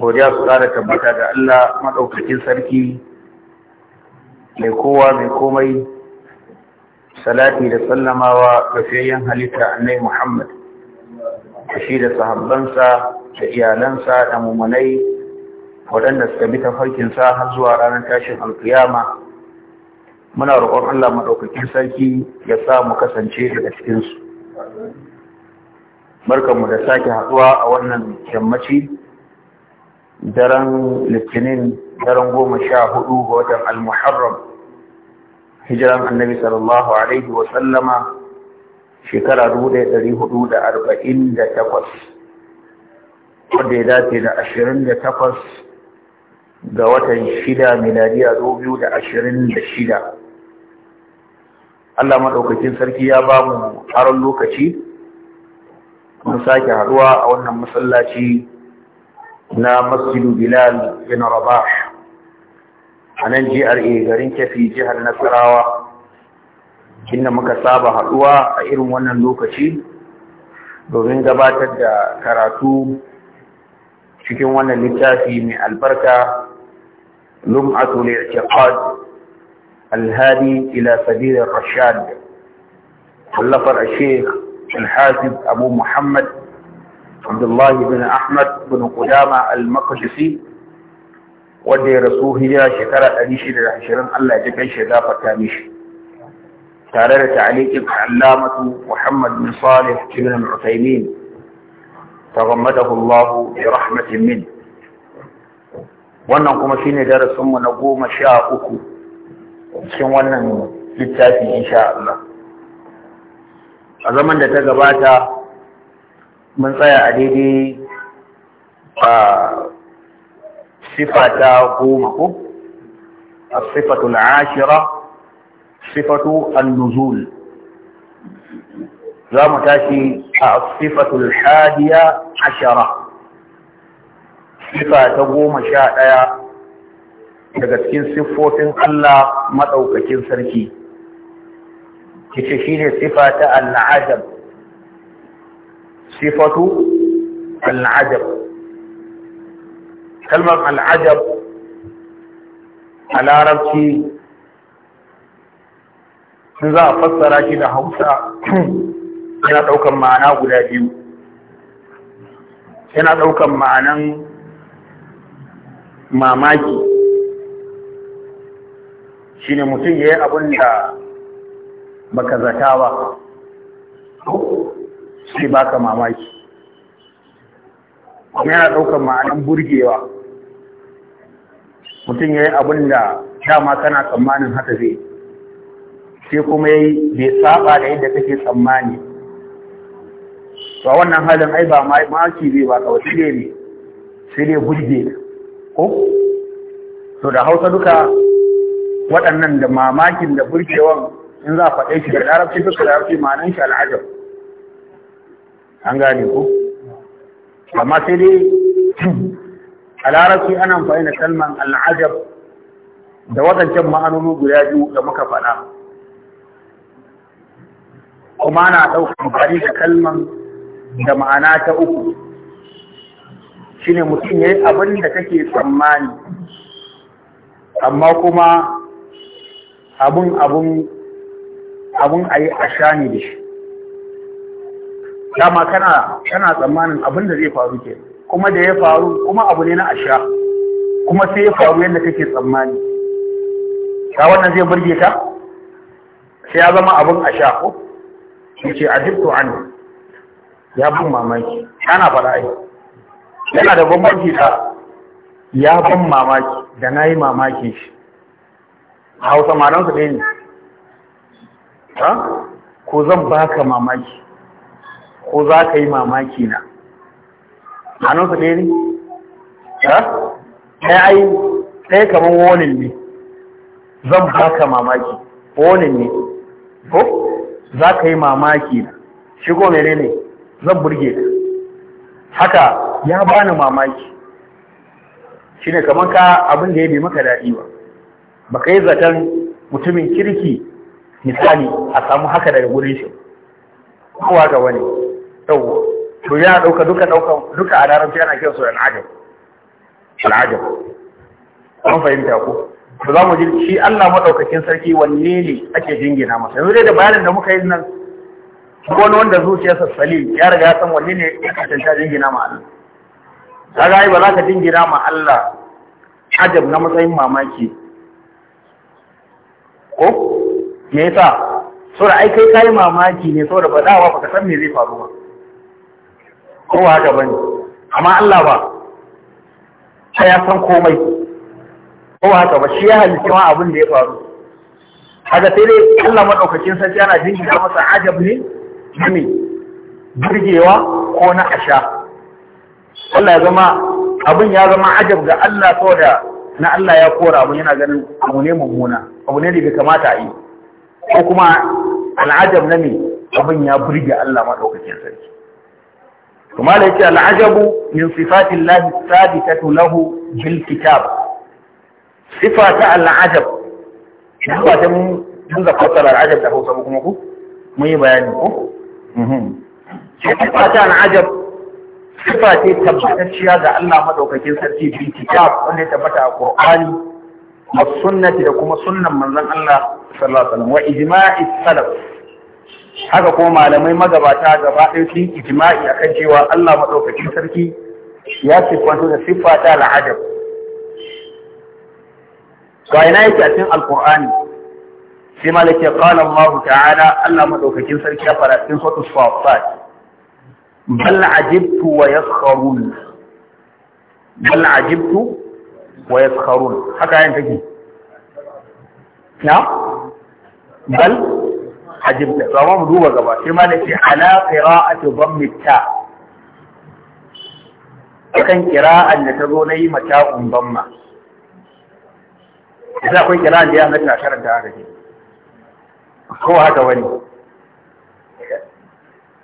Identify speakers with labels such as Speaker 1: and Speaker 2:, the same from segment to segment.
Speaker 1: godiya su da tabbata da Allah maɗaukakin sarki mai kowa mai komai salati da sallamawa ga fiyayyen halitta a nai Muhammad shi da sahabbansa da iyalansa da mummunai waɗanda suka bi ta farkinsa har zuwa ranar tashin alkiyama muna roƙon Allah maɗaukakin sarki ya sa mu kasance daga cikinsu barkanmu da sake haɗuwa a wannan yammaci daren litinin daren goma sha hudu ga watan al-muharram hijiran annabi sallallahu alaihi wa sallama shekara dubu ɗaya ɗari hudu da arba'in da takwas wanda ya dace da ashirin da takwas ga watan shida miladiya dubu biyu da ashirin da shida Allah maɗaukakin sarki ya ba mu tsaron lokaci mun sake haɗuwa a wannan masallaci na masjidu bilal bin rabah a nan GRA garin kefi jihar nasarawa inda muka saba haɗuwa a irin wannan lokaci domin gabatar da karatu cikin wannan littafi mai albarka lum'atul i'tiqad al-hadi ila sabil ar-rashad allafar al-sheikh الحافظ أبو محمد عبد الله بن أحمد بن قدامة المقدسي wanda ya rasu hijira shekara 620 Allah ya kai shi gafarta mishi tare da ta'liqin allamatu Muhammad bin Salih ibn al-Uthaymeen tagammadahu Allah bi min wannan kuma shine darasin mu na goma sha uku cikin wannan littafi sha Allah a zaman da ta gabata mun tsaya a daidai a sifa ta goma ko a ashira sifatu al-nuzul za mu tashi a sifatul hadiya ashira, sifa ta goma sha ɗaya daga cikin siffofin Allah maɗaukakin sarki ita ne sifa ta al'ajab sifatu al'ajab kalmar al'ajab a larabci sun za a fassara shi da hausa yana ɗaukan ma'ana guda biyu yana ɗaukan ma'anan mamaki shine mutum ya yi abin da baka zata ba sai baka mamaki kuma yana ɗaukar ma'anan burgewa mutum ya yi abin da dama kana tsammanin haka zai sai kuma ya yi bai saba da yadda kake tsammani ba wannan halin ai ba maki zai ba kawai sai ne sai dai burge ko to da hausa duka waɗannan da mamakin da burgewan in za a faɗe shi da larabci duka larabci ma'anan shi al'ajab an gane ku. amma sai dai a larabci ana amfani da kalman al'ajab da waɗancan ma'anoni guda biyu da muka faɗa kuma ana ɗaukar amfani da kalman da ma'ana ta uku shine mutum ya yi abin da kake tsammani amma kuma abun abun abun a yi a shani da shi dama kana kana tsammanin abin da zai faru ke kuma da ya faru kuma abu ne na asha kuma sai ya faru yadda kake tsammani ta wannan zai burge ka sai ya zama abin asha ko shi ce ajibtu an ya bin mamaki kana fara ai yana da bambanci ta. ya ban mamaki da nayi mamaki shi hausa malansa ɗaya ne ko zan baka mamaki ko za ka yi mamaki na hannunsa ɗaya ne? ɗaya ai ɗaya kamar wonin ne zan baka mamaki wonin ne ko za ka yi mamaki na shigo mere ne zan burge ka haka ya bani mamaki shine kamar ka abin da ya bi maka daɗi ba baka yi zaton mutumin kirki misali a samu haka daga wurin shi kowa ga wani yawwa to yana ɗauka duka ɗauka duka a larabci yana kiran su al'ajab al'ajab an fahimta ko to za mu ji shi Allah madaukakin sarki wanne ne ake jingina masa yanzu dai da bayanin da muka yi nan wani wanda zuciyarsa salim ya riga ya san wanne ne ya kasance jingina ma Allah kaga ai ba za ka jingina ma Allah ajab na matsayin mamaki ko me yasa saboda ai kai kai mamaki ne saboda ba dawa ka san me zai faru ba Kowa haka bane amma Allah ba sai ya san komai Kowa haka ba shi ya halitta ma abin da ya faru haka sai dai Allah madaukakin sarki yana jinjina masa ajab ne ne burgewa ko na asha Allah ya zama abin ya zama ajab ga Allah saboda na Allah ya kora abin yana ganin abu ne mummuna abu ne da bai kamata a yi ko kuma al'ajab na ne abin ya burge Allah madaukakin sarki to mala yace al'ajabu min sifatillahi sabitatu lahu bil kitab sifata al'ajab shi ba ta mun mun da fassara al'ajab da Hausa kuma ku mun yi bayani ko mhm sifata al'ajab sifa ce tabbatacciya ga Allah madaukakin sarki bil kitab wanda ya tabbata a Qur'ani da sunnati da kuma sunnan manzon Allah sallallahu wa ijma'i salaf haka kuma malamai magabata gaba ɗaya sun ijma'i kan cewa Allah maɗaukakin sarki ya siffanto da siffa ta al'ajab ga ina yake a cikin alqur'ani sai malaka qala Allah ta'ala Allah maɗaukakin sarki ya fara cikin suratul safat bal ajibtu wa yaskharun bal ajibtu wa yaskharun haka yin take na بل حجبت فمام دوبا قبا شما لكي على قراءة ضم التاء يكن قراءة نتظوني متاء ضمة إذا أقول قراءة ديها متاء شرع تعالج هو هذا وني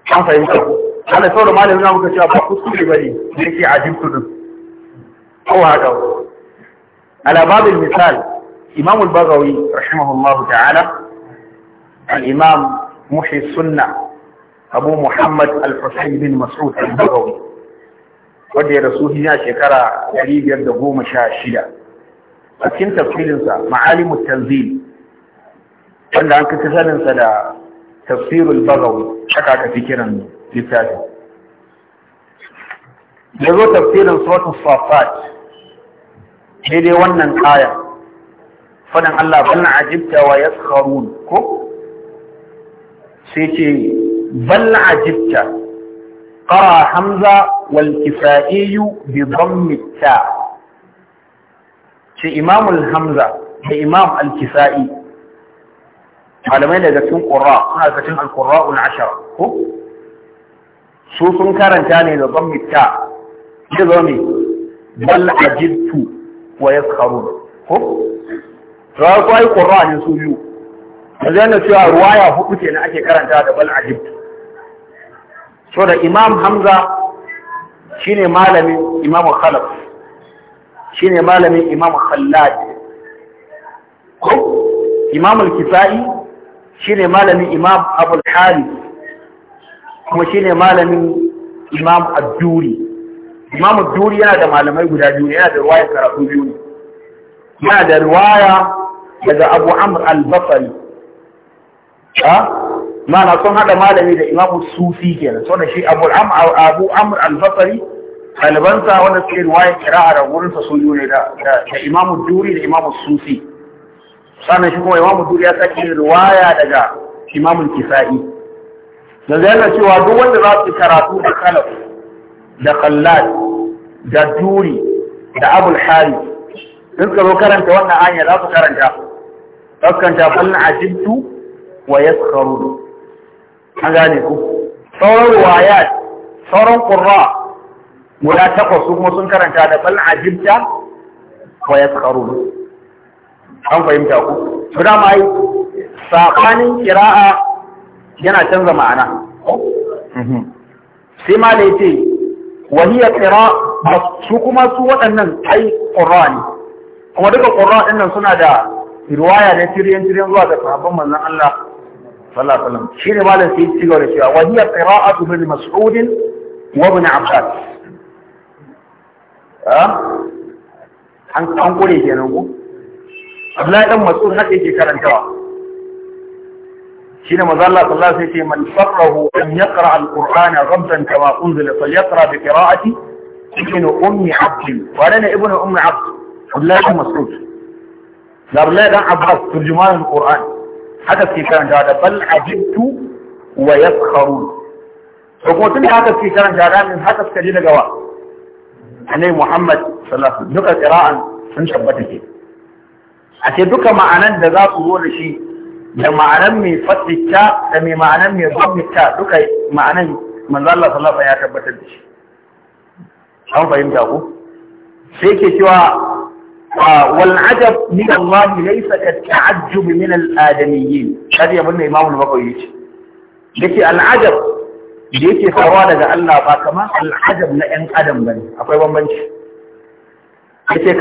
Speaker 1: كان فهمت أنا سولو مالي هنا مكتشي أبا خسكي لبني لكي عجبت دم هو هذا على باب المثال إمام البغوي رحمه الله تعالى الإمام محي السنة أبو محمد الحسين بن مسعود البغوي wadda ya rasu hijira shekara 516 a cikin tafsirinsa ma'alimu tanzil wanda an kace saninsa da tafsirul bagawi haka ka fi kiran ya zo tafsirin suratul safat dai wannan aya fadan Allah bal ajibta wa ko sai ce bal ajibta qara hamza wal kifai bi dhammi ta ce imam hamza da imam al kifai malamai daga cikin qurra suna cikin al qurra al ashara ko su sun karanta ne da dhammi ta ce zo ne bal ajibtu wa yaskharun ko to ai qurra ne su biyu yanzu yana cewa ruwaya hudu na ake karanta da bal ajib so da imam hamza shine malamin imam khalaf shine malamin imam khallad ko imam al-kisai shine malamin imam abul harith kuma shine malamin imam ad-duri imam ad-duri yana da malamai guda biyu yana da ruwaya karatu biyu yana da ruwaya daga abu amr al-basri ha mana sun hada malami da imam sufi kenan so da shi abu abu amr al-basri kalbansa wanda suke riwaya kira'a da wurin sa sun ne da da imam duri da imam sufi sannan shi kuma imam duri ya saki riwaya daga imam kisa'i da zai cewa duk wanda za su karatu da kalaf da kallad da duri da abul harith sun zo karanta wannan anya za su karanta Kaskanta falna ajibtu wa yaskharun an gane ku sauran waya sauran qurra guda takwas su kuma sun karanta da bal ajibta wa yaskharun an fahimta ku to da mai sabanin qira'a yana canza ma'ana mhm. sai ma da yace wa hiya su kuma su waɗannan ai qurra ne kuma duka qurra ɗin nan suna da riwaya ne tiryan tiryan zuwa ga sahabban manzon Allah صلى الله عليه وسلم شنو ماله في تقول الشيء وهي قراءة ابن مسعود وابن عباس ها عن عن قول ايه انا قبل لا مسعود حتى يجي كلام ترى شنو ما الله صلى الله عليه وسلم من فقره ان يقرا القران غمزا كما انزل فليقرا بقراءة ابن ام عبد وانا ابن ام عبد عبد الله مسعود عبد الله بن عباس ترجمان القران haka suke karanta da bal ajibtu wa yaskharun to kuma tun da haka suke karanta da min haka suka ji daga wa annabi Muhammad sallallahu alaihi wasallam duka qira'an sun tabbata ke a ce duka ma'anan da za su zo da shi da ma'anan mai fatta da mai ma'anan mai gwamnata duka ma'anan manzo Allah sallallahu alaihi wasallam ya tabbatar da shi an fahimta ko? sai ke cewa
Speaker 2: آه، والعجب
Speaker 1: من الله ليس كالتعجب من الآدميين هذه يقولنا إمام المقويش لكي العجب لكي فرادة الله فكما العجب لأن أدم بني أقول يوم بنش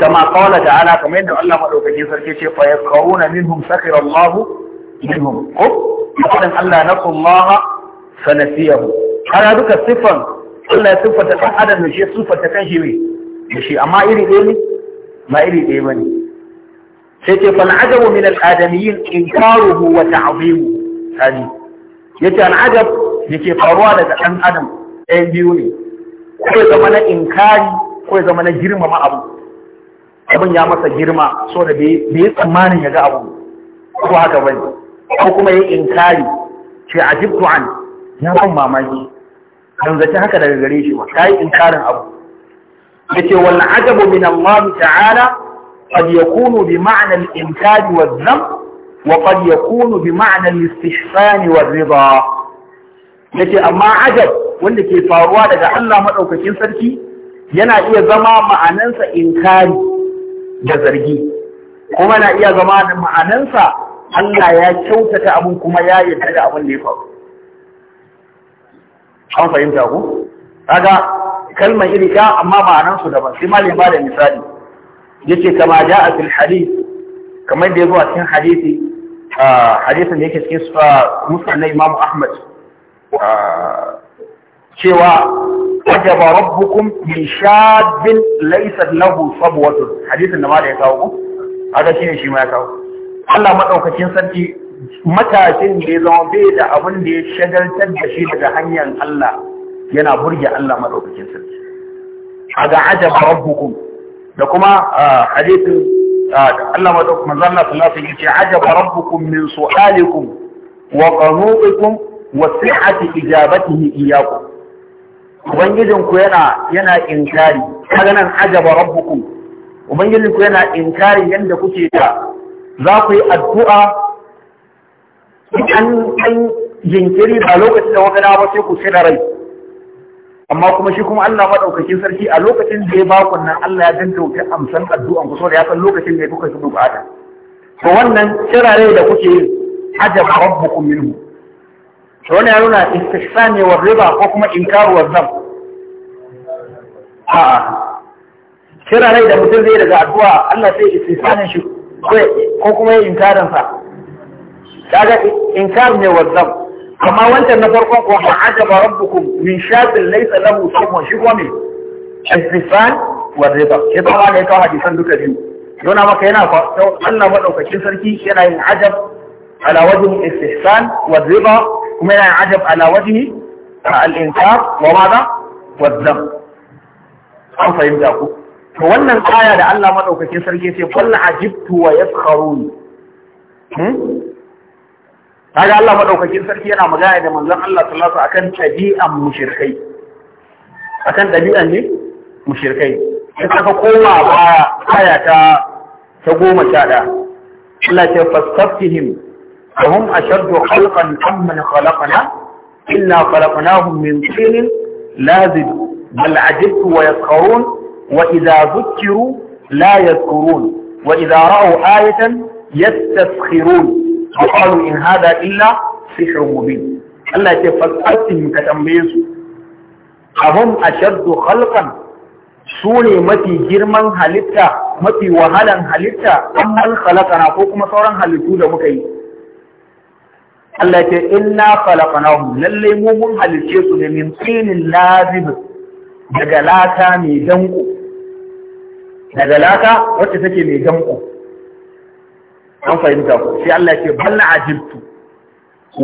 Speaker 1: كما قال تعالى كما يدعو الله ملوك الجزر كي فيقعون منهم سخر الله منهم قب يقول أن الله نقوا الله فنسيه هل هذوك الصفة الله صفة أدم نشي صفة تكهيوي نشي أما إلي إلي ba iri ɗaya ne sai ce fal ajabu min al adamiyyin inkaruhu wa ta'zimu kaji yace al ajab yake faruwa daga ɗan adam ɗaya biyu ne ko ya zama na inkari ko ya zama na girmama abu abin ya masa girma so da bai yi tsammanin ya ga abu ko haka bane ko kuma ya inkari ce ajibtu an ya ban mamaki Kan zaci haka daga gare shi ba kai inkarin abu yace wal ajabu min Allah ta'ala wa qad yakunu bi ma'na al-istihsan wa al-ridha yake amma ajab wanda ke faruwa daga Allah madaukakin sarki yana iya zama ma'anansa inkari da zargi kuma na iya zama da ma'anansa Allah ya kyautata abun kuma ya yarda da abun da ya faru an fahimta ku kaga kalmar iri ɗaya amma ma'anan su daban sai malam bada misali yace kama a fil hadith kamar da ya zo a cikin hadisi hadisin da yake cikin musulun na Imam Ahmad cewa wajaba rabbukum min shabbin laysa lahu sabwat hadisin da ma ya kawo haka shine shi ma ya kawo Allah madaukakin sarki matashin da ya zama bai da abin da ya shagaltar da shi daga hanyar Allah yana burge Allah madaukakin sarki aga ajaba rabbukum da kuma hadisin Allah madaukakin manzo Allah sallallahu alaihi ce yace ajaba rabbukum min su'alikum wa qanu'ikum wa sihhati ijabatihi iyyakum ubangijin ku yana yana inkari kaga nan ajaba rabbukum ubangijin ku yana inkari yanda kuke da za ku yi addu'a an an jinkiri ba lokacin da wata na ba sai ku shirya rai amma kuma shi kuma Allah madaukakin sarki a lokacin da ya ba ku nan Allah ya wuce amsan addu'an ku saboda ya san lokacin da kuka shi bukata to wannan kirare da kuke yi ajab rabbukum minhu to wannan ya nuna istihsani wa riba ko kuma inkaru wa zam a kirare da mutum zai daga addu'a Allah sai istihsanin shi ko kuma ya inkarin sa kaga inkar ne wa zam amma wancan na farkon ko ma ajaba rabbukum min shafin laysa lahu sawmun shi ko ne ihsan wa riba shi ba ma ne kawo hadisan duka biyu yana maka yana Allah madaukakin sarki yana yin ajab ala wajhi ihsan wa riba kuma yana yin ajab ala wajhi al-inkar wa madha wa dham an fahimta ku to wannan aya da Allah madaukakin sarki ce kullu ajibtu wa yaskharuni hmm? kaga Allah madaukakin sarki yana magana da manzon Allah sallallahu alaihi akan tabi'an mushrikai akan tabi'an ne mushrikai sai ka koma baya aya ta ta goma sha ɗaya Allah ya fasaftihim wa hum ashaddu khalqan amman khalaqna illa khalaqnahum min tinin lazib bal ajibtu wa yaskhurun wa idha dhukiru la yadhkurun wa idha ra'u ayatan yastaskhirun qalu in hada illa sihrun mubin Allah ce fasatihim ka tambaye su a ashaddu halkan, su ne mafi girman halitta mafi wahalan halitta amman khalaqana ko kuma sauran halittu da muka yi Allah ce inna khalaqnahum lalle mu mun halice su ne min tsinin lazib daga lata mai danko daga lata wacce take mai danko an fahimta ku sai Allah ce bal ajibtu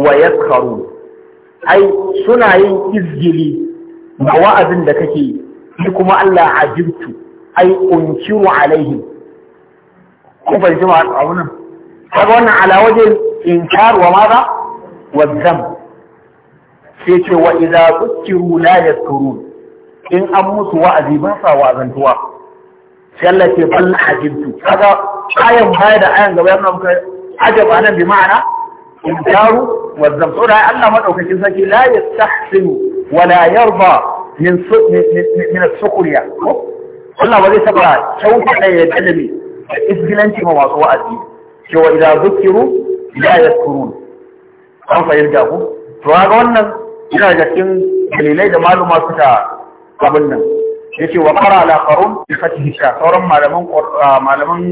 Speaker 1: wa yaskharun ai suna yin izgili ma wa'azin da kake yi. kuma Allah ajibtu ai unkiru alaihim kun fahimci ma abu nan kaga wannan ala wajen inkar wa maza wa zam sai ce wa idza zukiru la yadhkurun in an musu wa'azi ba sa wa'azantuwa sai Allah ce bal ajibtu kaga ayan baya da ayan gaba yana muka ajaba nan bi ma'ana inkaru wa zamto da Allah madaukakin sarki la yastahsinu wa la yarda min min sukuriya Allah ba zai taba kyauta da yadda da mi isgilanci ma masu wa'azi cewa idan zukiru la yaskurun an fahimta ku to ga wannan ina da cikin dalilai da maluma suka abin nan yake wa qara al-qarun bi fathi sha sauran malaman malaman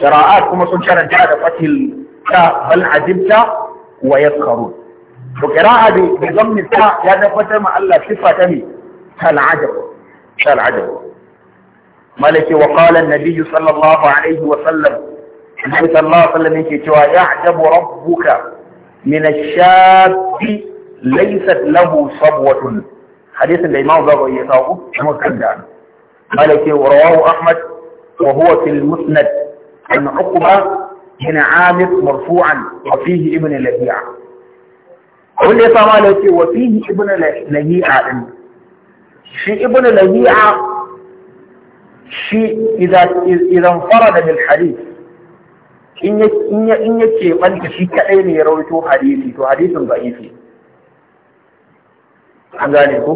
Speaker 1: shara'at kuma sun karanta da fathil ta bal ajibta wa yaskarun to qira'a bi dhammi ta ya da fata ma Allah sifata ne tal ajab tal ajab malaki wa qala an-nabi sallallahu alaihi wa sallam Nabi sallallahu alaihi wa sallam yake cewa ya'jabu rabbuka min ash-shabi laysat lahu sabwatun حديث الإمام بابا يساقه عمر كبدا قال في رواه أحمد وهو في المسند أن عقبة بن عامر مرفوعا وفيه ابن لهيعة قل لي صلى وفيه ابن لهيعة شيء ابن لهيعة شيء إذا إذا انفرد بالحديث إن إن إن يكفي قلت شيء كأين يروي تو حديثي تو حديث ضعيفي an gane ko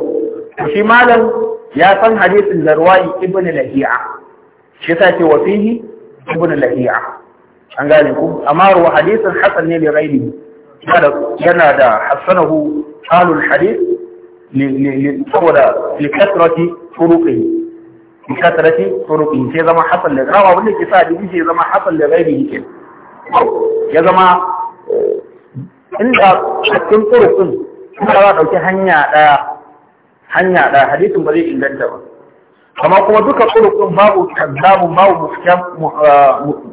Speaker 1: shi malam ya san hadisin da ruwayi ibn lahiya shi yasa ce wa fihi ibn lahi'a. an gane ko amma ruwa hadisin hasan ne li ghairihi yana da hasanahu halul hadis saboda likasrati turuqihi likasrati turuqihi sai zama hasan da rawa wanda ke sa hadisi sai zama hasan da ghairihi ke ya zama inda cikin turuqin kuma za a ɗauki hanya ɗaya hanya ɗaya hadisin ba zai inganta ba amma kuma duka kurukun babu kazzabun babu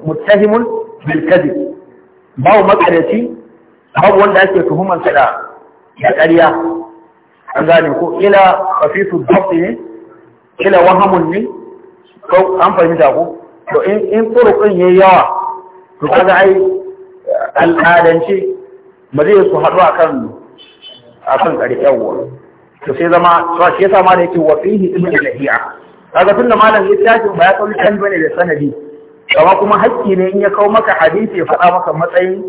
Speaker 1: mutahimun ah, bil babu makaryaci babu wanda ake tuhumar sa da ƙarya an gane ko ila khafifu dhabt ne ila wahamun ne ko an fahimta ko to in in kurukun yayi yawa to kaga ai al'adance ba zai su haɗu akan akan kare yawwa to sai zama to shi yasa malam yake wa fihi ibn lahiya kaga tunda malam ya tashi ba ya kauli kan bane da sanadi kama kuma hakki ne in ya kawo maka hadisi ya faɗa maka matsayin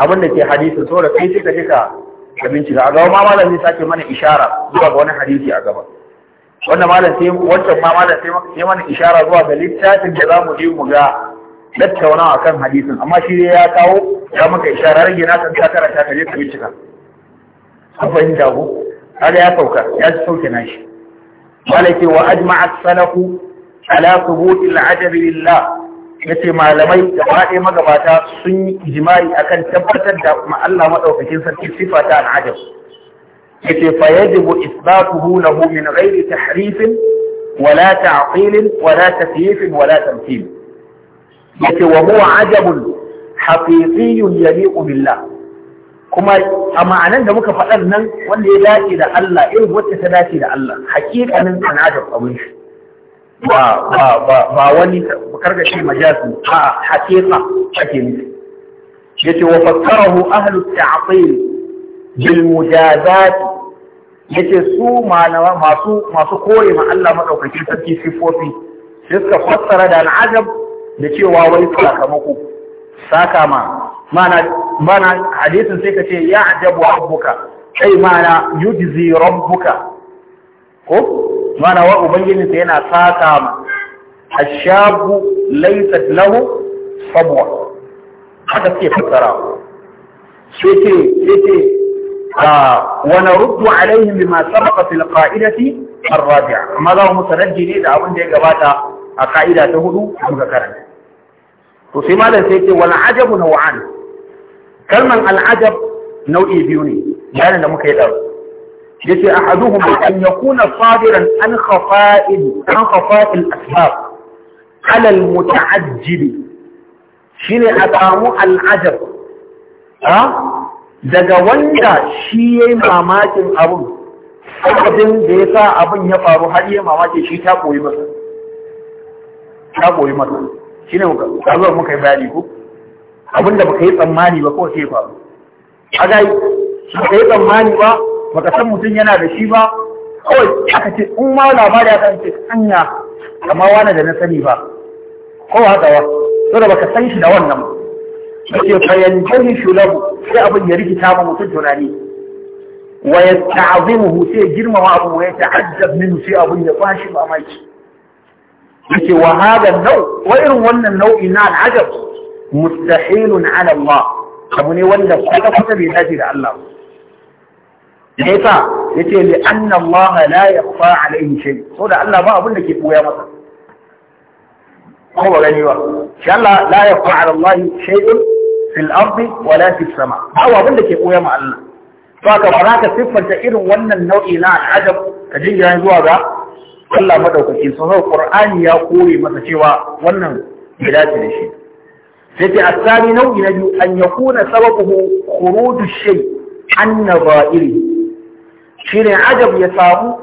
Speaker 1: abin da ke hadisi saboda kai sai ka je ka ka bincika a gaba ma malam zai sake mana ishara zuwa ga wani hadisi a gaba wannan malam sai wancan ma malam sai mana ishara zuwa ga littafin da zamu je mu ga tattaunawa akan hadisin amma shi ya kawo ya maka ishara rage na kan ka karanta ka je ka bincika an fahimta ko kaga ya sauka ya sauke nashi malaki wa ajma'a salafu ala thubuti al-ajabi lillah yace malamai da faɗe magabata sun yi ijimai akan tabbatar da Allah madaukakin sarki sifa ta al'ajab yace fa yajibu isbatuhu lahu min ghairi tahrifin wala ta'qilin wala takyifin wala tamthil yace wa huwa ajabun haqiqiyyun yaliqu billah kuma a ma'anan da muka faɗar nan wanda ya dace da Allah irin wacce ta dace da Allah hakikanin sanadar abin shi ba ba ba wani karkashi majazi a hakika ake nufi yace wa fassarahu ahlu ta'til bil mujazat yace su malama masu masu kore ma Allah madaukakin sarki sifofi sai suka fassara da al'ajab da cewa wai sakamako saka ma mana hadisin sai ka ce ya ajabu rabbuka kai mana yujzi rabbuka ko mana wa ubangiji sai yana saka ma ashabu laysa lahu sabwa haka sai fassara sai ce sai ce ونرد عليهم بما سبق rabi'a. Amma za mu ذا مترجي da abin da ya gabata a ka'ida ta hudu muka karanta to sai malam sai ce wal ajabu naw'an kalman al'ajab nau'i biyu ne bayanin da muka yi ɗau ya ce mai, an yakuna sabiran an khafa'il an khafa'il asbab ala al muta'ajjili shine a samu al'ajab daga wanda shi ya yi mamakin abun abin da ya sa abin ya faru har yi mamaki shi ta koyi masa ta koyi masa shi ne muka yi bayani ko. abin da baka yi tsammani ba kawai sai faru a gai baka yi tsammani ba baka san mutum yana da shi ba kawai aka ce in ma labari aka ce hanya amma wani da na sani ba ko haka ba to da baka san shi da wannan ba ce fayan jahi shulabu sai abin ya rikita ma mutum tunani wa ya ta'azimuhu sai girmama abu wa ya ta'azzab minhu sai abin ya bashi mamaki yace wa hada nau wa irin wannan nau'i na al'ajab mustahilun ala Allah abu ne wanda kwata kwata bai dace da Allah da yasa yace li anna Allah la yakhfa alayhi shay da Allah ba abin da ke boya masa ko ba gani ba shi Allah la yakhfa ala Allah shay'un fil ardi wala fis sama ba abin da ke boya ma Allah to haka ba za ka siffanta irin wannan nau'i na al'ajab ka jingira zuwa ga Allah madaukaki sun Qur'ani ya kore masa cewa wannan bai dace da shi sai ce asali nau'i na biyu an kuna sababu khuruju shai an Shi ne ajab ya samu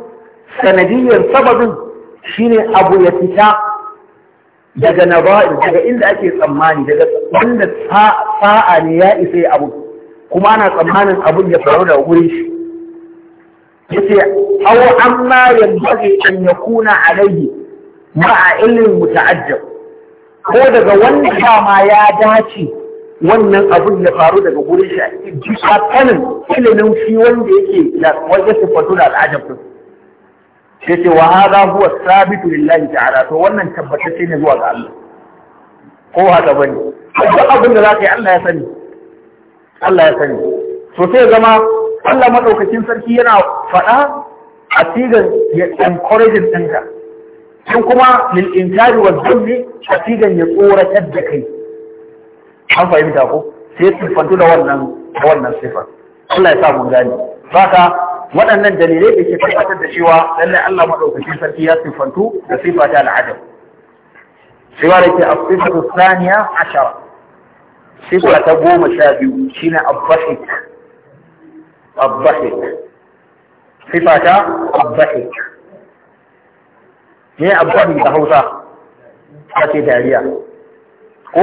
Speaker 1: sanadiyyar sababin ne abu ya fita daga nadha'ir daga inda ake tsammani daga wanda sa'a ne ya isa abu kuma ana tsammanin abun ya faru da wurin shi yace aw amma yanbaghi an yakuna alayhi ma'a ilmin muta'ajjab ko daga wanda dama ya dace wannan abun ya faru daga gurin shi a cikin kanin ilimin shi wanda yake da wajen sifatu da al'ajab din sai ce wa hadha huwa sabitu lillahi ta'ala to wannan tabbatacce ne zuwa ga Allah ko haka bane duk abin da zaka yi Allah ya sani Allah ya sani to sai zama Allah madaukakin sarki yana faɗa a sigan ya encouraging ɗinka sun kuma lil inkari wa dhulli hasidan ya tsoratar da kai an fahimta ko sai sifantu da wannan da wannan sifar Allah ya sa mun gane saka waɗannan dalilai da ke tabbatar da cewa lallai Allah madaukakin sarki ya sifantu da sifa ta al'adab sai wa da ke as-sifatu ashara sifa ta goma sha biyu shine abdahik abdahik sifa ta abdahik ne abdul da hausa ta ce dariya ko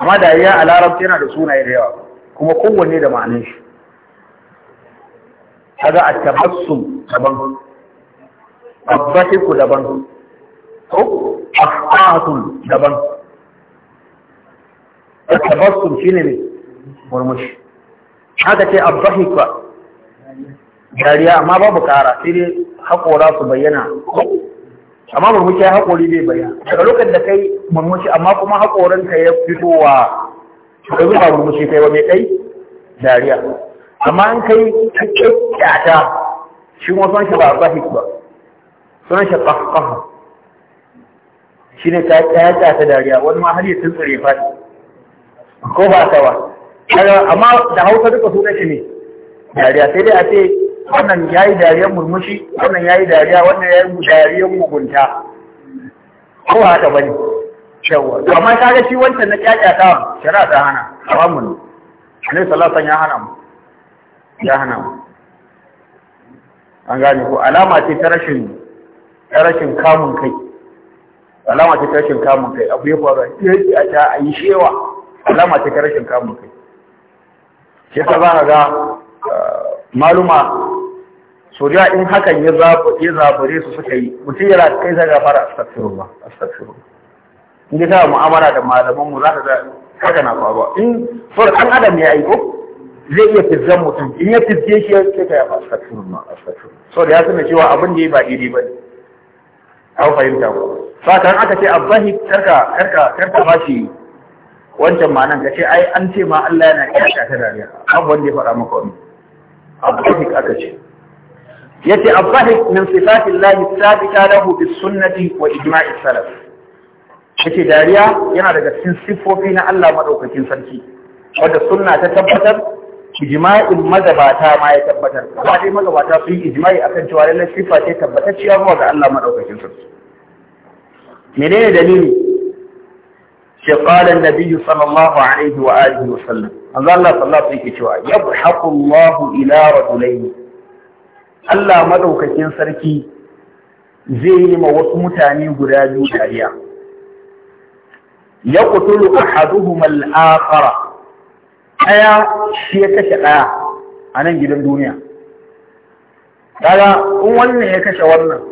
Speaker 1: amma dariya a larabta yana da suna da yawa kuma kowanne da ma'anin shi ga a tabassum daban abbasiku daban ko afatun daban tabassum shi ne murmushi haka ce abbasika dariya amma babu kara, sai dai haƙora su bayyana amma murmushi ya haƙori bai bayyana daga lokacin da kai murmushi amma kuma ka ya fitowa ba zuba murmushi kai ba mai kai dariya amma an kai kyakkyata shi kuma sunan shi ba zahik ba sunan shi ƙafafa shi ne ta kyakkyata dariya wani ma har yi tuntsure fashi ko ba ta ba amma da hausa duka sunan shi ne dariya sai dai a ce wannan ya yi dariyar murmushi wannan ya yi dariya wannan ya yi dariyar mugunta ko haka bane cewa amma ta ga shi wancan na kyakyata shari'a ta hana haramun ne annabi sallallahu salasan ya hana mu ya hana mu an gane ko alama ce ta rashin ta rashin kamun kai alama ce ta rashin kamun kai abu ya faru yace a ta ayi shewa alama ce ta rashin kamun kai shi za ka ga eh, maluma soja in hakan ya zabure su suka yi mutum yana kai zai gafara a astagfirullah in dai ta mu'amala da malaman mu za ka ga haka na faruwa in for an adam ya aiko zai iya fizzan mutum in ya fizge shi ya ce ka ya astagfirullah astagfirullah so da ya suna cewa abin da ya ba iri ba ne an fahimta ko sakan aka ce abbahi karka karka karka ba shi wancan ma'anan ka ce ai an ce ma Allah yana iya ka da dariya abu da ya faɗa maka wani da aka ce yace abahik min sifati Allah sabita lahu bis sunnati wa ijma'i salaf yace dariya yana daga cikin siffofi na Allah madaukakin sarki wanda sunna ta tabbatar ijma'in magabata ma ya tabbatar kuma dai magabata sun yi ijma'i akan cewa lallai siffa ce tabbatacciya zuwa ga Allah madaukakin sarki menene dalili ce qala an-nabiy sallallahu alaihi wa alihi wa sallam Allah sallallahu alaihi wa sallam yake cewa yabhaqu Allah ila rajulaini Allah maɗaukakin sarki zai yi ma wasu mutane guda biyu dariya ya kutulu ahaduhum al-akhara daya shi ya kashe ɗaya a nan gidan duniya kaga in wannan ya kashe wannan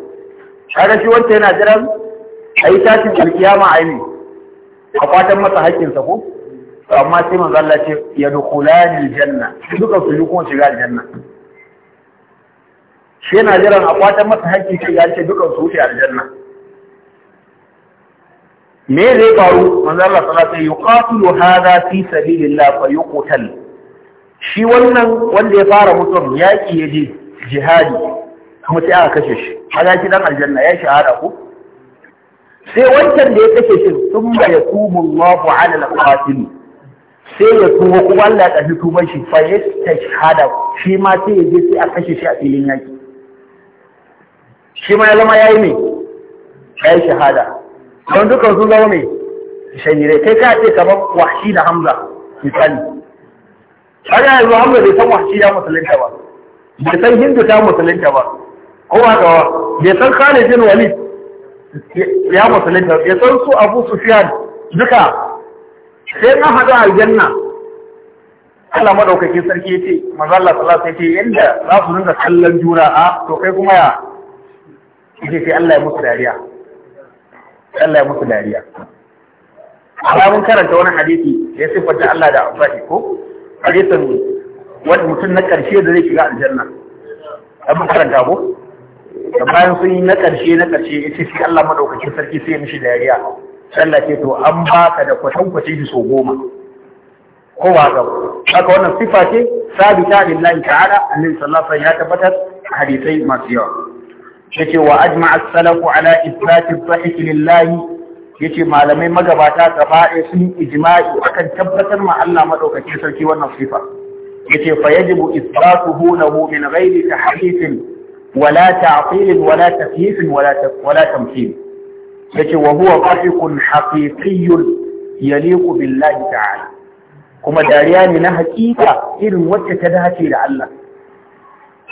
Speaker 1: kaga shi wancan yana jiran a yi tashin alkiyama a yi a kwatan masa haƙƙinsa ko amma sai manzo Allah ce ya dukulani janna duka su yi kuma shiga aljanna shi yana jiran a kwatan masa hakki shi ya ce dukan su wuce aljanna me zai faru manzo Allah sallallahu alaihi wasallam yuqatilu hadha fi sabilillah fa yuqtal shi wannan wanda ya fara mutum yaki je jihadi kuma sai aka kashe shi haka shi dan aljanna ya shahada ku sai wancan da ya kashe shi ya yaqumu Allahu ala al-qatil sai ya tuwo kuma Allah ya kashe tuban shi fa yastashhada shi ma sai ya je sai a kashe shi a filin yaki shi ma ya zama ya yi ne ya yi shahada don dukkan sun zama ne shahirai kai ka ce kamar washi da hamza misali kaga yanzu hamza bai san washi ya musulunta ba bai san hindu ta musulunta ba ko ba ga bai san khalid bin walid ya musulunta bai san su abu sufyan duka sai na hada aljanna Allah madaukakin sarki ya ce manzo Allah sallallahu alaihi wasallam yace yanda za su dinga kallon juna a to kai kuma ya yake ce Allah ya musu dariya Allah ya musu dariya amma mun karanta wani hadisi ya siffanta Allah da amfani ko hadisin wani mutum na karshe da zai shiga aljanna an mun karanta ko da bayan sun yi na karshe na karshe ya ce shi Allah madaukakin sarki sai ya mishi dariya Allah ce to an baka da kwatankwacin shi sau goma ko ba? haka wannan sifa ce sabita lillahi ta'ala annabi sallallahu alaihi wasallam ya tabbatar hadisai masu yawa yace wa ajma'a salafu ala ithbati sahih lillahi yace malamai magabata gaba ɗaya sun ijma'i akan tabbatar ma Allah madaukakin sarki wannan sifa yace fa yajibu ithbatuhu lahu min ghairi tahrif wala ta'til wala takyif wala wala tamthil yace wa huwa fahiqun haqiqiyyun yaliqu billahi ta'ala kuma dariya ne na hakika irin wacce ta dace da Allah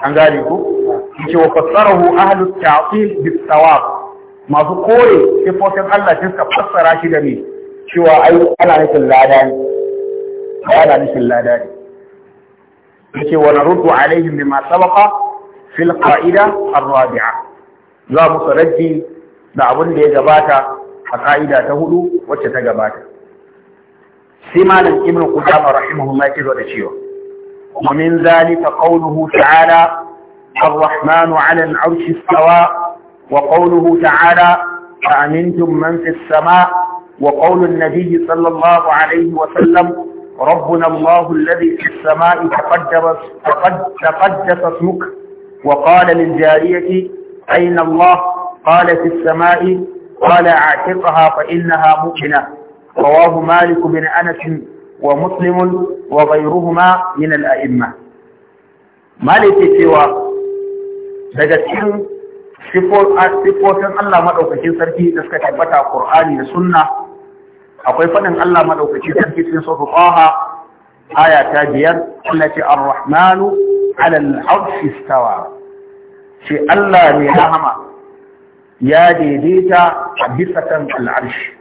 Speaker 1: an gane ko yake wa fassarahu ahlut ta'til masu kore sifofin Allah sai suka fassara shi da me cewa ai ana nufin lada ne ana nufin lada ne yake wa naruddu alaihim bima sabaqa fil qa'ida ar-rabi'a za mu sarrafi da abin da ya gabata a ka'ida ta hudu wacce ta gabata sai malam ibnu qudama rahimahullah yake zo da cewa ومن ذلك قوله تعالى الرحمن على العرش استوى وقوله تعالى فأمنتم من في السماء وقول النبي صلى الله عليه وسلم ربنا الله الذي في السماء تقدس تقدس اسمك وقال للجارية أين الله قال في السماء قال اعتقها فإنها مؤمنة رواه مالك بن أنس ومسلم وغيرهما من الأئمة مالك سوى daga cikin sifofin Allah maɗaukakin sarki da suka tabbata a ƙurani da Sunna akwai faɗin Allah maɗaukakin sarki cikin sura Taha aya ta biyar Allah ce Ar-Rahmanu 'ala al-'arshi ce Allah mai rahama ya daidaita a bisa kan al'arshi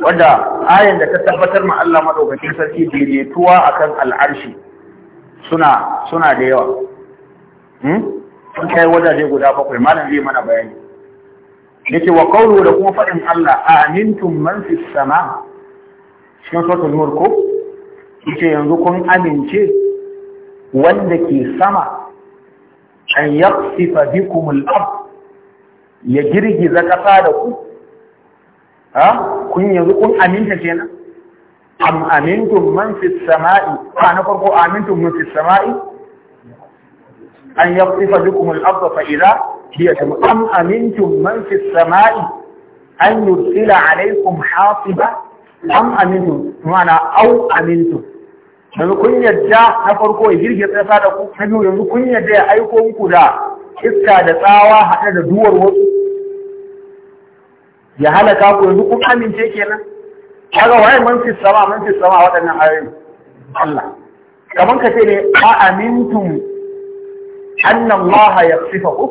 Speaker 1: Wadda ayan da ta tabbatar ma Allah maɗaukakin sarki daidaituwa akan al'arshi suna da yawa Hmm? sun kai wajaje guda bakwai malam zai mana bayani
Speaker 2: yace wa qawlu
Speaker 1: da kuma fadin Allah amintum man fis sama cikin suratul nur ko ce yanzu kun amince wanda ke sama an yaqsifa bikum al-ard ya girgiza kasa da ku ha kun yanzu kun aminta kenan am amintum man fis sama'i na farko amintum man fis sama'i أن يقصف بكم الأرض فإذا هي تمر أم أمنتم من في السماء أن يرسل عليكم حاصبا أم أمنتم بمعنى أو أمنتم yanzu kun yadda na farko ya girge tsasa da ku na biyu yanzu kun yadda ya aiko muku da iska da tsawa haɗe da duwar wasu ya halaka ku yanzu kun amince kenan kaga waye man fi sama man fi sama waɗannan ayoyin Allah kaman ka ce ne a amintum anna Allah yaksifahu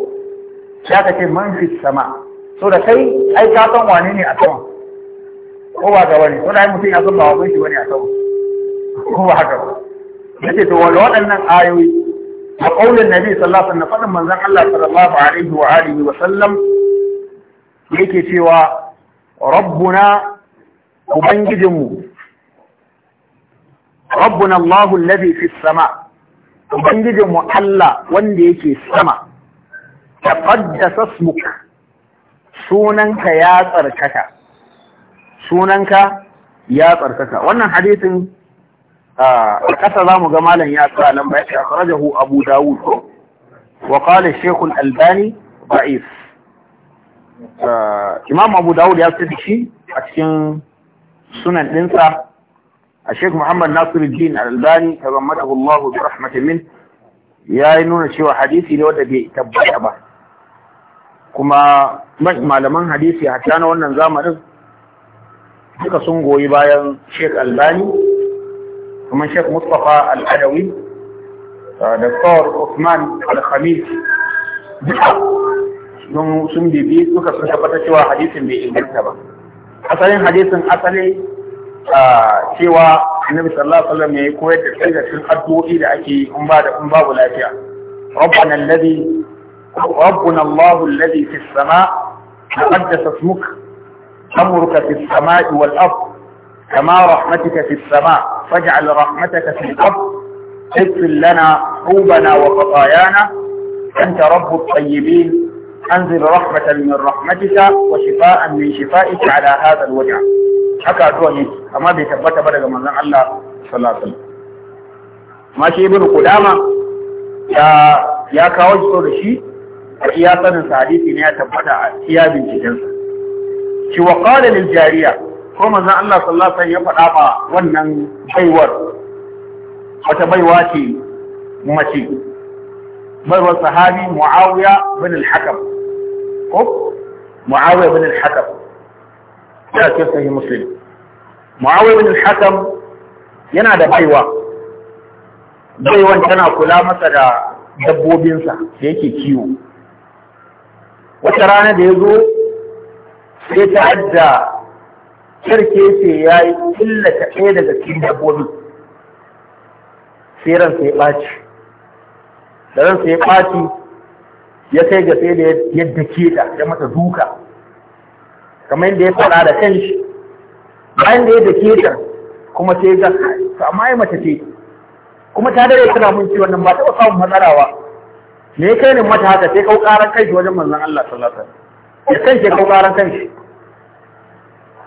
Speaker 1: ya ka ce man fi sama so da kai ai ka san wane ne a sama ko ba ga wani so da ai mutum ya san ba wani shi wani a sama ko ba haka ba yace to wala waɗannan ayoyi a qaulin nabi sallallahu alaihi wasallam fadin manzon Allah sallallahu alaihi wa alihi wa sallam yake cewa rabbuna ubangijinmu rabbuna Allahu alladhi fis sama' ubangijin Allah wanda yake sama taqaddasa ismuk sunanka ya tsarkaka sunanka ya tsarkaka wannan hadisin a kasa zamu ga malam ya tsara lamba ya akhrajahu Abu Dawud wa qala Sheikh Al-Albani da'if Imam Abu Dawud ya tsare shi a cikin sunan ɗinsa الشيخ محمد ناصر الدين الألباني تغمده الله برحمة منه ya yi nuna cewa hadisi ne wanda bai tabbata ba kuma malaman hadisi hatta na wannan zamanin duka sun goyi bayan sheik albani kuma sheik mustapha al'adawi da tsawar usman al-khamis sun bibi duka sun tabbata cewa hadisin bai inganta ba asalin hadisin asali cewa annabi sallallahu alaihi wasallam ya koyar da cikin addu'o'i da ake in ba da in babu lafiya ربنا الذي ربنا الله الذي في السماء تقدس اسمك أمرك في السماء والأرض كما رحمتك في السماء فاجعل رحمتك في الأرض اغفر لنا حوبنا وخطايانا أنت رب الطيبين أنزل رحمة من رحمتك وشفاء من شفائك على هذا الوجع haka addu'a amma bai tabbata ba daga manzon Allah sallallahu alaihi wasallam ma shi ibnu qudama ya kawo shi da shi iya sanin sa ne ya tabbata a iya binciken sa shi wa qala jariya ko manzon Allah sallallahu ya faɗa ma wannan baiwar baiwa ce mace baiwar sahabi Muawiya bin al ko bin al-hakam ya bin al-hakam yana da baiwa baiwan tana kula masa da dabbobinsa da yake kiwo wata rana da ya zo sai ta adda kirke sai ya yi illata ɗaya daga cikin dabbobin sai ransa ya ɓaci da ransa ya ɓaci ya kai ga sai da yadda ke da ya mata duka kamar yadda ya fara da kanshi bayan da yadda ke da kuma sai ga amma ya mata ce kuma ta dare suna mun ciwon nan ba taɓa samun matsalawa me ya kai ne mata haka sai kau ƙaran kanshi wajen manzan Allah sallallahu alaihi wasallam ya kanshi kau ƙaran kanshi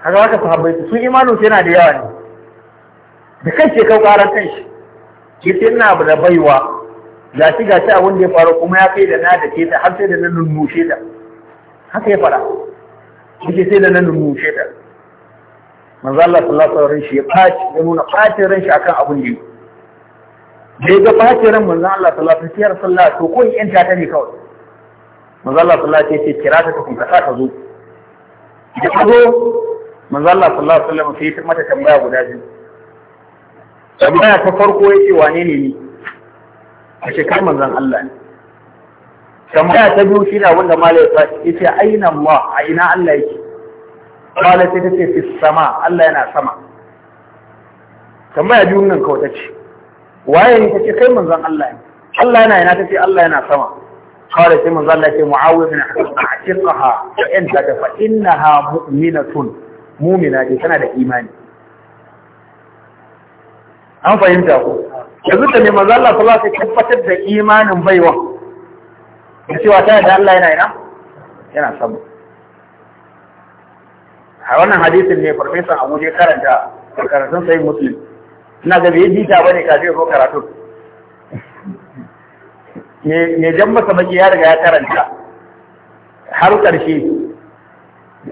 Speaker 1: kaga haka sahabbai su imanin su yana da yawa ne da kanshi kau ƙaran kanshi yace ina da baiwa gashi gashi abin da ya faru kuma ya kai da na da ke ta har sai da na nunnushe ta haka ya fara yake sai da na nunnushe ta manzo Allah sallallahu alaihi wasallam shi ya faci ya nuna fatin ran shi akan abin da yake ga fatin ran manzo Allah sallallahu alaihi wasallam sai sallah to ko in ta ne kawai manzo Allah sallallahu alaihi wasallam kira ta kun kasa ka zo da ka zo manzo Allah sallallahu alaihi wasallam sai ya mata tambaya guda biyu tambaya ta farko yace wane ne ni a shekar manzon Allah ne tambaya ta biyu shine abin da malai ya ce aina ma a ina Allah yake malai sai ta ce fi sama Allah yana sama tambaya biyun nan kawai ta ce waye ne ta ce kai manzon Allah ne Allah yana ina ta ce Allah yana sama kawai sai manzon Allah ya ce mu'awiyah bin hasan aqiqaha ta anta fa innaha tun mu'mina ce tana da imani an fahimta ku yanzu da neman manzo Allah sallallahu alaihi wasallam tabbatar da imanin baiwa da cewa ta yadda Allah yana yana? yana sabu a wannan hadisin ne farfesan Abu je karanta karatun sayi Muslim ina ga bai ba ne kafin ko karatu ne me jan masa baki ya riga ya karanta har karshe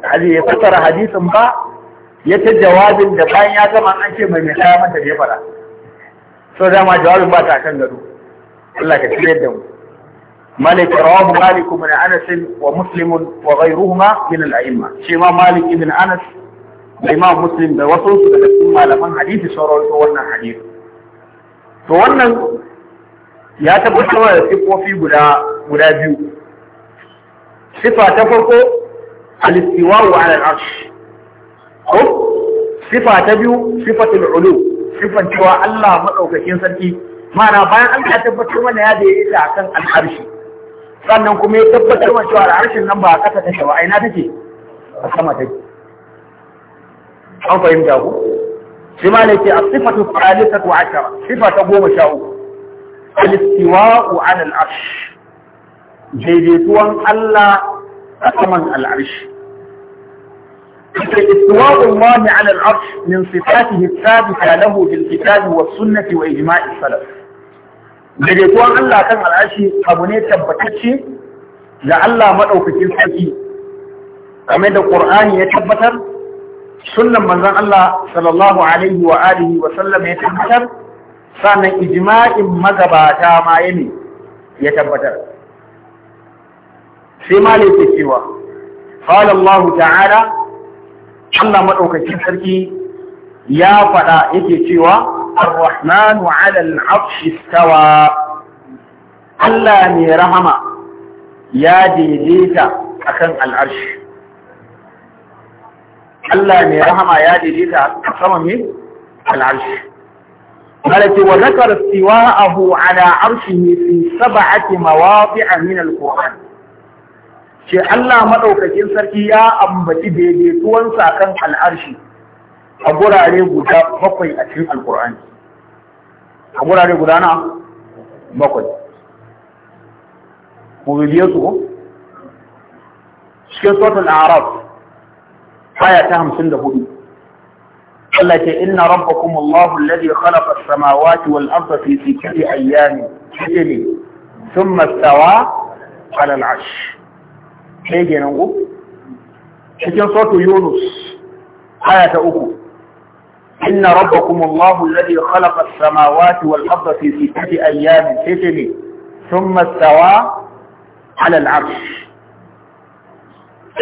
Speaker 1: hadisi ya fassara hadisin ba ya ta jawabin da bayan ya gama an ce mai mai kayan mata da ya fara so dama jawabin ba ta kan gado Allah ka shirya da mu malik rawahu malik ibn anas wa muslim wa ghayruhuma min al-a'imma shi ma malik ibn anas da imam muslim da wasu su daga cikin malaman hadisi sauran wannan hadisi to wannan ya tabbatar da sifofi guda guda biyu sifa ta farko al-istiwa ala al-arsh sifa ta biyu sifatul ulu sifan cewa Allah maɗaukakin sarki mana bayan an ya tabbatar mana ya daidaita isa kan al'arshi sannan kuma ya tabbatar mana cewa al'arshin nan ba a ƙasa ta ba aina take a sama take an fahimta ku shi ma ne ke asifatu salisatu ashara sifa ta goma sha uku al-istiwa'u 'ala al-arsh daidaituwan Allah a saman al'arshi استواء الله على العرش من صفاته الثابتة له بالكتاب والسنة وإجماع السلف daidaituwan Allah kan al'ashi abu ne tabbatacce da Allah maɗaukacin sarki game da Ƙur'ani ya tabbatar sunnan manzon Allah sallallahu alaihi wa alihi wa sallam ya tabbatar sannan ijma'in magabata ma ne ya tabbatar sai ma cewa qala Allah ta'ala Allah madaukakin sarki ya faɗa yake cewa Ar-Rahmanu 'ala al-'arshi istawa Allah ne rahama ya daidaita akan al'arshi Allah ne rahama ya daidaita a saman ne al'arshi malaki wa zakar siwa ahu ala ne fi sab'ati mawadi'a min al-Qur'an ce Allah maɗaukakin sarki ya ambaci daidaituwan sakan al'arshi a gurare guda bakwai a cikin alkur'ani a gurare guda na bakwai mu bibiye su cikin sautin arab aya ta hamsin da hudu Allah ce inna rabba Allahu alladhi khalaqa as-samawati wal arda fi sittati ayyamin ne thumma istawa ala al-'arsh ɗaya kenan ko cikin sautu yunus aya ta uku inna rabbakum allahu alladhi khalaqa as-samawati wal arda fi sittati ayyamin sai ce ne thumma istawa ala al-arsh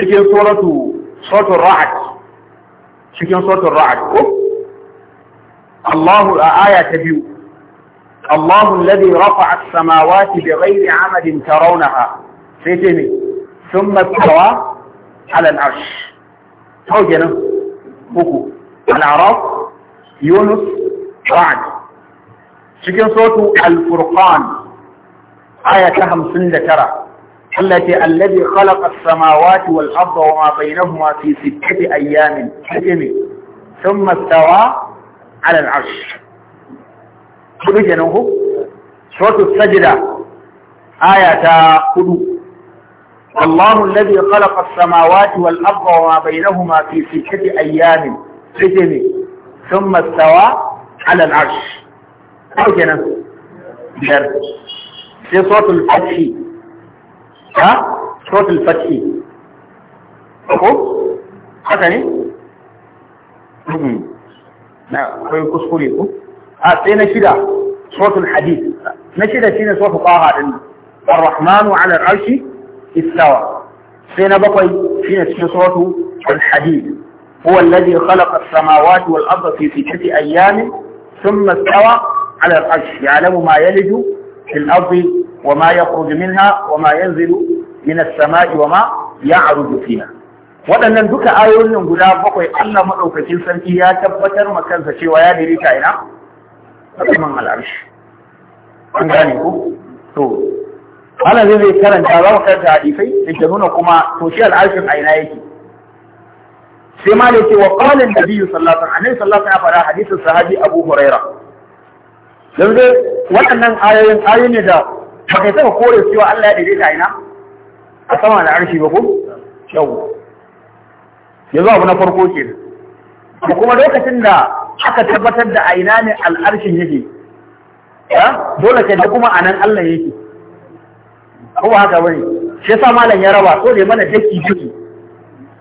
Speaker 1: cikin suratu صوت الرعد شكين صوت الرعد الله آية تبيو الله الذي رفع السماوات بغير عمد ترونها سيتني ثم استوى على العرش هو جنا بوكو الأعراف يونس رعد شكين صوت الفرقان آية aya سند ترى التي الذي خلق السماوات والأرض وما بينهما في ستة أيام حجمي. ثم استوى على العرش كل جنوه صوت السجدة آية قدو الله الذي خلق السماوات والأرض وما بينهما في ستة أيام ستة ثم استوى على العرش أجنة جر في صوت الفتح ها صوت الفتح أقول أتني نعم كوي كسكولي أتينا شدا صوت الحديث نشدا شدا صوت طه الرحمن على العرش استوى سينا بقي فينا تشكوته الحديد هو الذي خلق السماوات والأرض في ستة أيام ثم استوى على العرش يعلم ما يلج في الأرض وما يخرج منها وما ينزل من السماء وما يعرج فيها وأن ندك آيون نقول بقي ألا مرؤوك جلسا إيا تبتر مكان فشي ويا ديري كائنا فكما على العرش malamin zai karanta za mu karanta hadisai da ke nuna kuma to shi al'arshin a ina yake sai ma da ke wa qalin nabiyyu sallallahu alaihi wasallam annabi sallallahu alaihi wasallam ya faɗa hadisin sahabi Abu Huraira dan dai waɗannan ayoyin ayoyi ne da ba kai saka kore cewa Allah ya daidaita a ina a sama da arshi ba ku? yau yanzu abu na farko ke da kuma lokacin da aka tabbatar da a ina ne al'arshin yake dole kai da kuma a nan Allah yake ko ba haka bane shi yasa malam ya raba ko da mana daki daki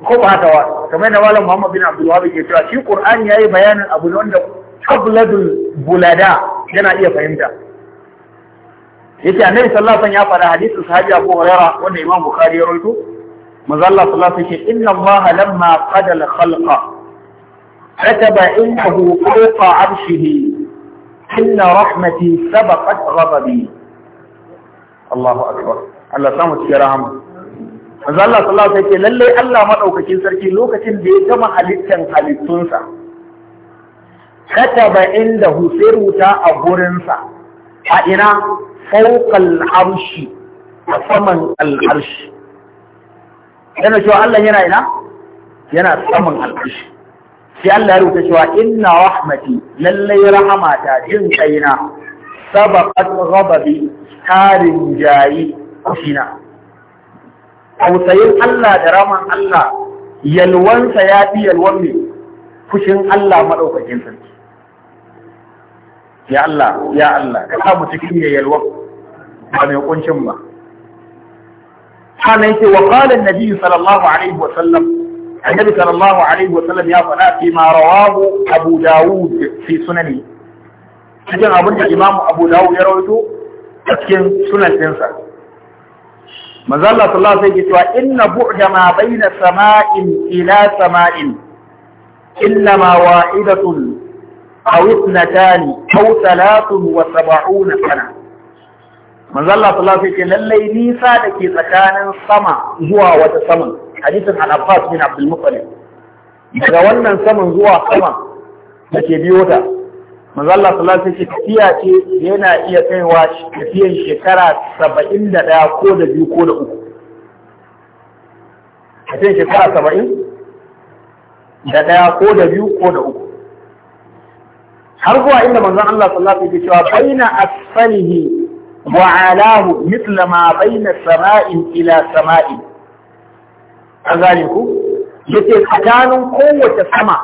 Speaker 1: ko ba haka ba kamar da malam Muhammad bin Abdul Wahab ke cewa shi Qur'ani yayi bayanin abu ne wanda qabladul bulada yana iya fahimta yace annabi sallallahu alaihi wasallam ya faɗa hadisin sahabi Abu Hurairah wanda Imam Bukhari ya rawaito manzo Allah sallallahu alaihi wasallam inna Allah lamma qada al-khalqa kataba innahu fawqa 'arshihi inna rahmati sabaqat ghadabi Allahu akbar Allah samu cikin rahama manzo Allah sallallahu alaihi wasallam lalle Allah madaukakin sarki lokacin da ya gama halittan halittunsa kataba inda husiruta a gurinsa a ina fawqal arshi a saman al'arshi yana cewa Allah yana ina yana saman al'arshi sai Allah ya rubuta cewa inna rahmati lallai ta jin kaina sabaqat ghadabi tarin jayi kushina tausayin Allah da raman Allah yalwansa ya fi yalwan ne fushin Allah maɗaukakin sarki ya Allah ya Allah ka samu cikin ya yalwan ba mai kuncin ba sannan yake wa qala an-nabi sallallahu alaihi Wasallam, sallam annabi sallallahu alaihi Wasallam, ya faɗa fi ma rawahu abu dawud fi sunani cikin abin da Imam Abu Dawud ya rawaito a cikin sunan dinsa manzo Allah sallallahu alaihi wasallam cewa inna bu'da ma baina sama'in ila sama'in illa ma wa'idatun aw ithnatani aw thalathun wa sab'una sana manzo Allah sallallahu alaihi lallai nisa da ke tsakanin sama zuwa wata saman hadisin al-Abbas bin Abdul Muttalib daga wannan saman zuwa sama da ke biyo ta manzo Allah sallallahu alaihi wasallam tafiya ce yana iya kaiwa tafiyan shekara 71 ko da biyu ko da uku tafiyan shekara 70 da daya ko da biyu ko da uku har zuwa inda manzon Allah sallallahu alaihi wasallam cewa baina asfalihi wa alahu mithla ma baina sama'in ila sama'in A zane ku yace tsakanin kowace sama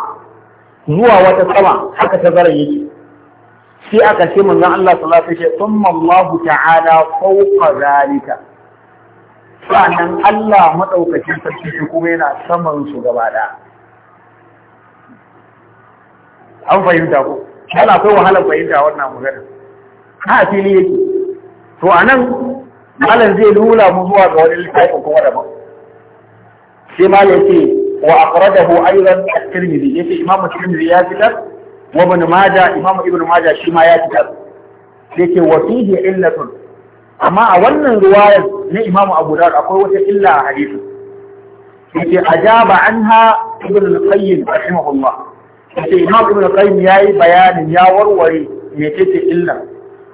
Speaker 1: zuwa wata sama haka ta zara yake sai aka ce manzon Allah sallallahu alaihi wasallam thumma Allah ta'ala fawqa zalika sannan Allah madaukakin sarki shi kuma yana saman su gaba da an fahimta ko dan akwai wahala fahimta wannan magana ha fili yake to anan malam zai lula mu zuwa ga wani littafin kuma daban sai malam ce wa aqradahu aidan at-Tirmidhi yace Imam Tirmidhi ya fitar wa ibn majah imamu ibn majah shi ma ya fitar yake wa fihi illatun amma a wannan riwayar na Imam abu dawud akwai wata illa a hadisi yake ajaba anha ibn al-qayyim rahimahullah yake imamu ibn al-qayyim yayi bayanin ya warware me mecece illa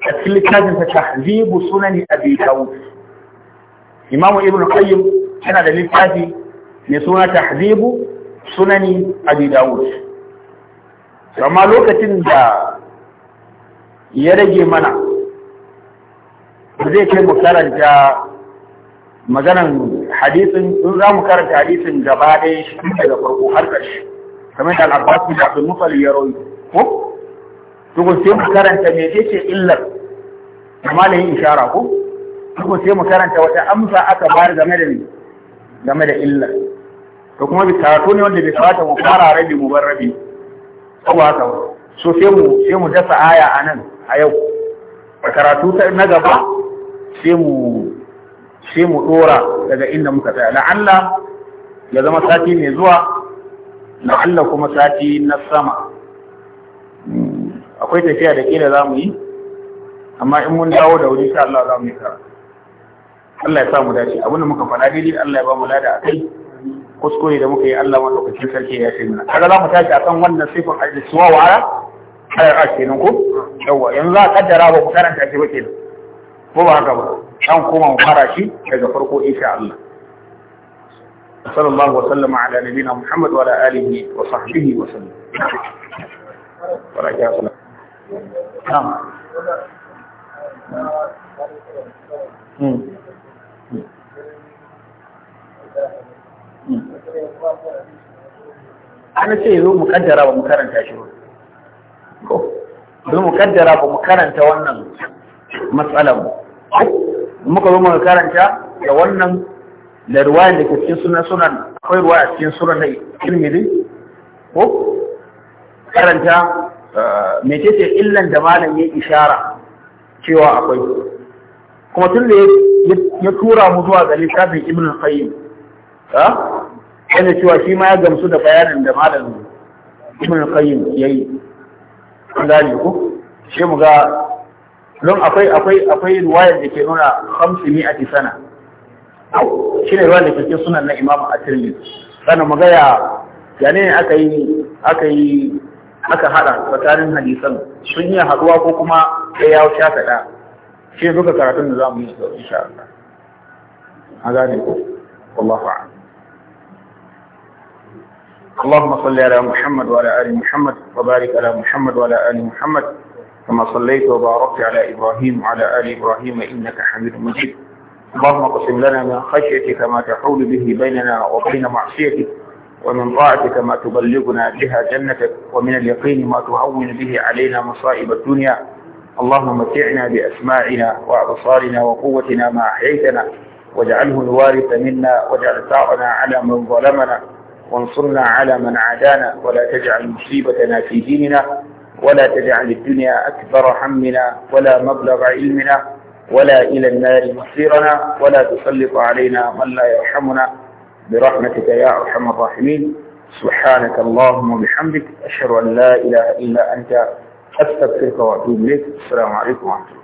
Speaker 1: a cikin littafin sa tahzibu sunani abi dawud Imam ibn al-qayyim yana da littafi mai suna tahzibu sunani abi dawud amma lokacin da ya rage mana zai kai mu karanta maganan hadisin in za mu karanta hadisin gaba ɗaya shi daga farko har ƙarshe kamar da al'abbasu da abdul mufal ya ko tukun sai mu karanta me ce illar da malamin ishara ko tukun sai mu karanta wata amsa aka bayar game da game da illar to kuma bi karatu ne wanda bai fata mu fara rabi mu bar rabi ko haka so sai mu sai mu dasa aya a nan a yau a karatu na gaba sai mu sai mu dora daga inda muka tsaya la'alla ya zama sati mai zuwa la'alla kuma sati na sama hmm, akwai tafiya da kila za mu yi amma in mun dawo da wuri sha Allah za mu yi Allah ya sa mu dace abinda muka faɗa daidai Allah ya ba mu lada a kai kuskure da muka yi Allah madaukakin sarki ya ce mana kaga za mu tashi a kan wannan sifar al suwa wa ala ala kenan ko yawa yanzu za a kaddara ba ku karanta shi ba ke nan. ko ba haka ba an koma mu fara shi daga farko insha Allah صلى الله وسلم على نبينا محمد وعلى آله وصحبه وسلم ورجاء صلى نعم ana ce zo mu kaddara ba mu karanta shi ba zo mu kaddara ba mu karanta wannan matsalar mu. muka zo muka karanta da wannan da ruwayan da ke cikin sunan sunan akwai ruwa a cikin sunan na kirmidi ko karanta eh, mecece illan da malam ya ishara cewa akwai kuma tun da ya tura mu zuwa ga littafin ibn qayyim ha eh, yana cewa shi ma ya gamsu da bayanin da malam ibn qayyim yayi an gane ku? sai mu ga don akwai akwai akwai riwayar da ke nuna 500 sana shi ne riwayar da ke cikin sunan na imamu at-tirmidhi sannan mu ga ya yane ne aka yi aka yi aka hada tsakanin hadisan sun yi haduwa ko kuma ya yi shaka da shi duka karatun da za mu yi da insha Allah a gane ku. wallahu a'lam اللهم صل على محمد وعلى آل محمد وبارك على محمد وعلى آل محمد كما صليت وباركت على إبراهيم وعلى آل إبراهيم إنك حميد مجيد اللهم اقسم لنا من خشيتك ما تحول به بيننا وبين معصيتك ومن طاعتك ما تبلغنا بها جنتك ومن اليقين ما تهون به علينا مصائب الدنيا اللهم متعنا بأسماعنا وأبصارنا وقوتنا ما أحييتنا واجعله الوارث منا واجعل ثارنا على من ظلمنا وانصرنا على من عادانا ولا تجعل مصيبتنا في ديننا ولا تجعل الدنيا أكبر همنا ولا مبلغ علمنا ولا إلى النار مصيرنا ولا تسلط علينا من لا يرحمنا برحمتك يا أرحم الراحمين سبحانك اللهم وبحمدك أشهد أن لا إله إلا أنت أستغفرك وأتوب إليك السلام عليكم ورحمة الله